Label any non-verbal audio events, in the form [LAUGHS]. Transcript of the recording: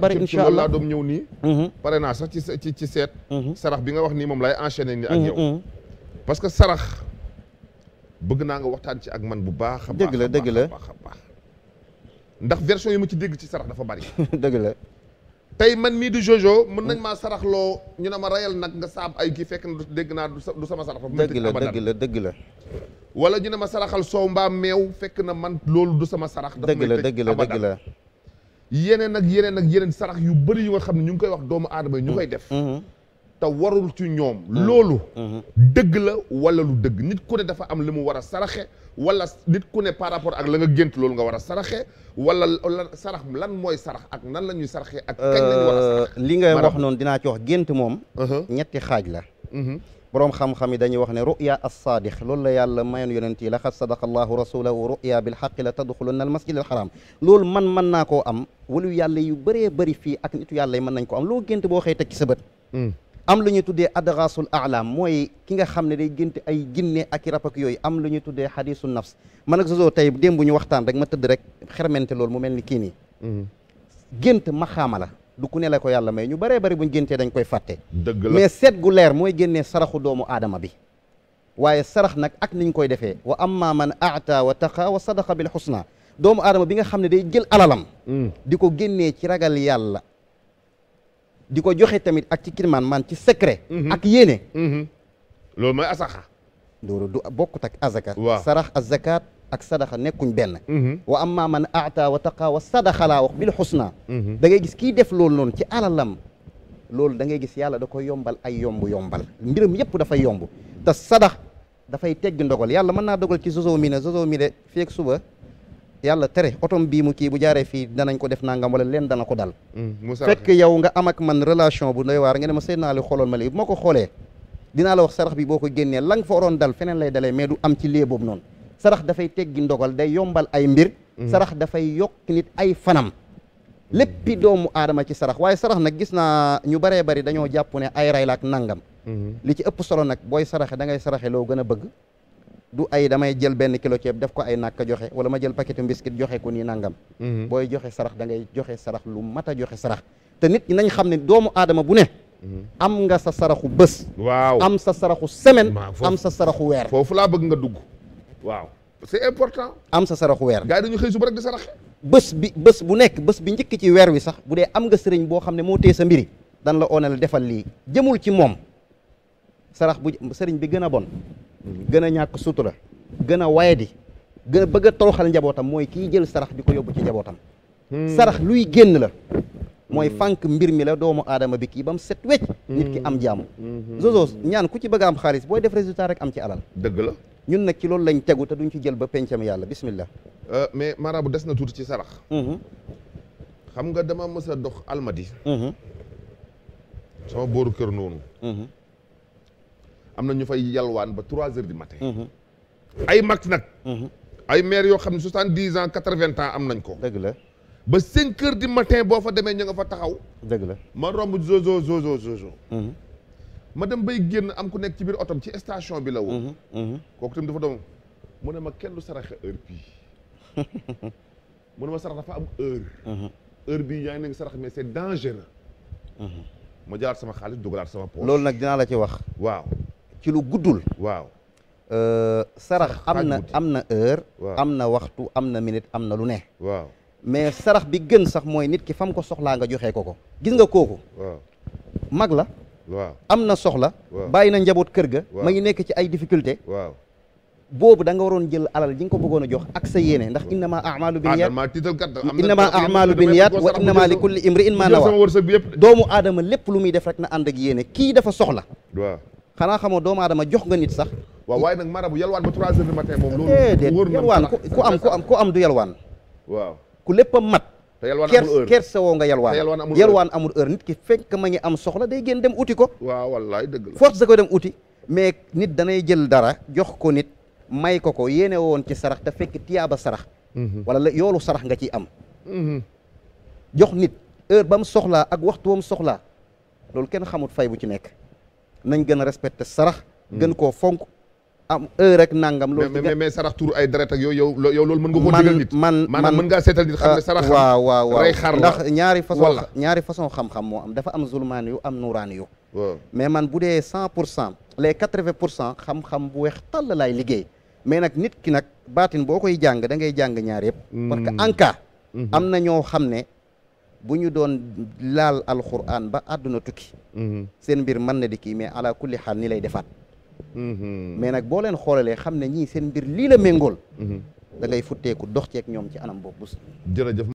bari incha allah doom ñëw nii mhm. pare naa sax ci ci seet mhm. sarax bi nga wax nii moom lay enchaîner nii ak mhm, yow parce que sarax bëgg naa nga waxtaan ci ak man bu baax a baax dëgg la dëgg la a baax ndax version yi ma ci dégg ci sarax dafa bari [LAUGHS] dëgg la tey man mii di jojo mën nañ mm. maa saraxloo ñu ne ma rayal nag nga saab ay kii fekk dégg naa du sama sarax dafa dëgg la dëgg la dëgg la wala ñu ne ma saraxal soow mbaa meew fekk na man loolu du sama sarax dëgg la dëgg la la yeneen ak yeneen ak yeneen sarax yu bëri yu nga xam ne ñu ngi koy wax doomu aadama yi ñu koy def mm-hmm. te warul ci ñoom mm-hmm. loolu mm-hmm. dëgg la wala lu dëgg nit ku ne dafa am li mu war a saraxe wala nit ku ne par rapport ak la nga gént loolu nga war a saraxe wala la sarax lan mooy sarax ak nan la ñuy saraxe ak kañ la ñu sarax euh, li nga wax noonu dinaa ci wax gént moom uh-huh. ñetti xaaj la boroom xam-xam yi dañuy wax ne ruya as-saadiq loolu la yàlla mayoon yonent yi laxad sadaqa allahu rasulahu ruya bilxaqi la tadxulunna almasjid alxaram loolu man mën naa koo am walu yàlla yu bëree bëri fii ak nitu yàlla yi mën nañ ko am loo gént boo xëy teg ci sa bët mm. am lu ñu tuddee adrasul alam mooy ki nga xam ne day gént ay ginne ak i rab ak yooyu am lu ñu tuddee xadisu nafs man ak Zozo tey démb ñu waxtaan rek ma tëdd rek xermente loolu mu mel ni kii nii mm-hmm. gént maxaama la du ku ne ko yàlla may ñu bëree bëri bu géntee dañ koy fàtte dëgg la mais gu leer mooy génnee saraxu doomu aadama bi waaye sarax nag ak niñ koy defee wa amma man aata wa taqa wa sadaqa bil xusna doomu adama bi nga xam ne day jël alalam mm. di ko génnee ci ragal yàlla di ko joxe tamit ak ci kirmaan man ci sekre mm-hmm. ak yéene mm-hmm. loolu mooy asaxa loolu du bokkut ak sarax azakat ak sadaxa nekkuñ benn mhm. wa amma man aata wa taqa wa sadaxa laa wax bil xusna mhm. da ngay gis kii def loolu noonu ci alalam loolu da ngay gis yàlla da koy yombal ay yomb yombal mbiram yëpp dafay yomb te sadax dafay tegg ndogal yàlla man naa dogal ci zozo mi na zozo mi de feeg suba yàlla tere otom bii mu jaaree fii danañ ko def nangam wala leen dana ko dal mhm, fekk yow nga am ak man relation bu doy waar nga ne ma seen naa li xooloon ma léegi ma ko xoolee dinaa la wax sarax bi boo ko génnee la nga fa waroon sarax dafay teggi ndogal day yombal ay mbir mm-hmm. sarax dafay yokk nit ay fanam léppi mm-hmm. doomu aadama ci sarax waaye sarax nag gis naa ñu baree bari dañoo jàpp ne ay ray nangam mm-hmm. li ci ëpp solo nag booy saraxe da ngay saraxe loo gën a bëgg du ay damay jël benn kilo ceeb def ko ay nàkk joxe wala ma jël paquetu mbiskit joxe ko nii nangam booy joxe sarax da ngay joxe sarax lu mat a joxe sarax te nit ñi nañ xam ne doomu aadama bu ne am nga sa saraxu bés waaw am sa saraxu semaine am sa saraxu weer foofu laa bëgg nga dugg waaw c'est important. am sa saraxu weer. gars yi dañu xëy suba rek di saraxe. bës bi bës bu nekk bës bi njëkk ci weer wi sax bu dee am nga sëriñ boo xam ne moo téye sa mbiri dan la oonal defal lii jëmul ci moom sarax bu sëriñ bi gën a bon gën a ñàkk la gën a wayadi gën a bëgg a toroxal njabootam mooy kii jël sarax di ko yóbbu ci njabootam hmm. sarax luy génn la mooy fànk mbir mi la doomu aadama bi kii ba mu set wecc nit ki am jàmm hmm. zozo ñaan ku ci bëgg am xaalis booy def résultat rek am ci alal dëgg la ñun nag ci loolu lañ tegu te duñ ci jël ba pencam yàlla bismillah euh, mais bu des na tuuti ci sarax mhm. xam nga dama mës a dox almadi mhm. sama booru kër noonu mhm. am na ñu fay yalwaan ba trois heures du matin ay mag nag ay maire yoo xam ne soixante dix ans quatre vingt ans am nañ ko dëgg la ba cinq heures du matin boo fa demee ñu nga fa taxaw dëgg la ma romb zozo zozo zozo ma dem bay génn am ku nekk ci biir otom ci station bi la woo. Mhm, mhm. kooku tamit dafa doon mu ne ma kenn du saraxe heure bii [LAUGHS] mu ne ma sarax dafa am heure. Mhm. heure bii yaa ngi nekk sarax mais c'est dangereux. ma jëlaat sama xaalis dugalaat sama poche. loolu nag dinaa la ci wax. waaw ci lu guddul. waaw. Euh, sarax am na am na heure. am na waxtu am na minute am na lu ne. waaw mais sarax bi gën sax mooy nit ki fam ko soxlaa nga joxe ko ko. gis nga kooku. mag la. waaw am na soxla bàyyi na njaboot kër ga ma ngi nekk ci ay difficulté waaw boobu da nga waroon jël alal ji nga ko bëggoon jox ak sa yéene ndax innama amalu bin yaat ah, innama amalu bin yaat wa innama li doomu adama lépp lu muy def rek na ànd ak yéene kii dafa soxla waaw xanaa xamoo doomu aadama jox nga nit sax waaw nag marabu yalwaan ba trois heures du matin moom loolu déedéet yalwaan ku am ku am ku am du yalwaan waaw ku lépp a mat te yalwaan amul heure kersa woo nga yalwaan yalwaan amul heure nit ki fekk ma ngi am soxla day génn dem uti ko waaw wallaay dëgg la force da koy dem uti mais nit danay jël dara jox ko nit may ko ko yéene woon ci sarax te fekk tiyaaba sarax mhm. wala la yoolu sarax nga ciy am mhm. jox nit heure ba mu soxlaa ak waxtu ba mu loolu kenn xamut fay bu ci nekk nañ gën a respecté sarax mhm. gën koo fonk am heure rek nangam. loolu mais mais sarax tur ay deret ak yow loolu mën nga koo digal nit. man man mën ngaa seetal nit xam ah, ne sarax. waaw rey xar ndax ñaari façon ñaari façon xam-xam moo am dafa am zulmaani yu am nuuraani mais man bu dee cent pour cent les quatre-vingts pur cent xam-xam bu weex tàll laay liggéey mais nag nit ki nag baatin boo koy jàng da ngay jàng ñaar yëpp. Hmm. parce que en hmm. am na ñoo xam ne bu ñu doon laal alxuraan ba adduna tukki. Hmm. seen mbir mën na di kii mais ala kulli xaal ni lay defaat. Mm-hmm. mais nag boo leen xoolalee xam ne ñii sen mbir lii la méngool mm-hmm. da ngay futteeku dox ceeg ñoom ci anam boobu jërëjëf